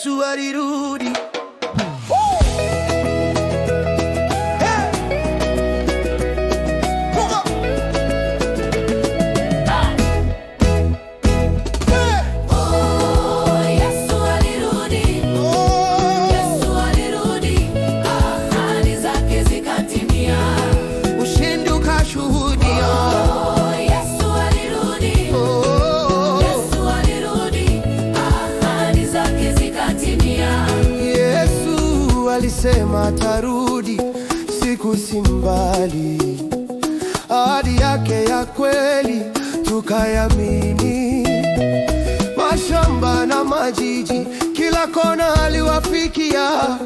Suari Rudy. alisema atarudi, siku si mbali. Ahadi yake ya kweli tukayamini. Mashamba na majiji, kila kona aliwafikia,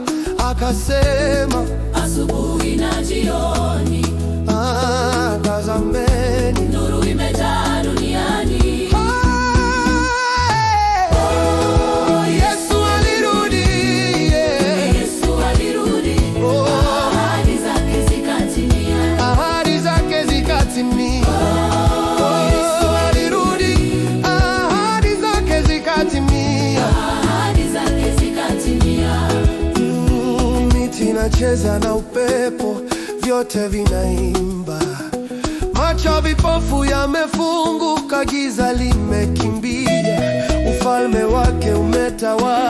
akasema vinacheza na upepo, vyote vinaimba. Macho vipofu yamefunguka, giza limekimbia, ufalme wake umetawa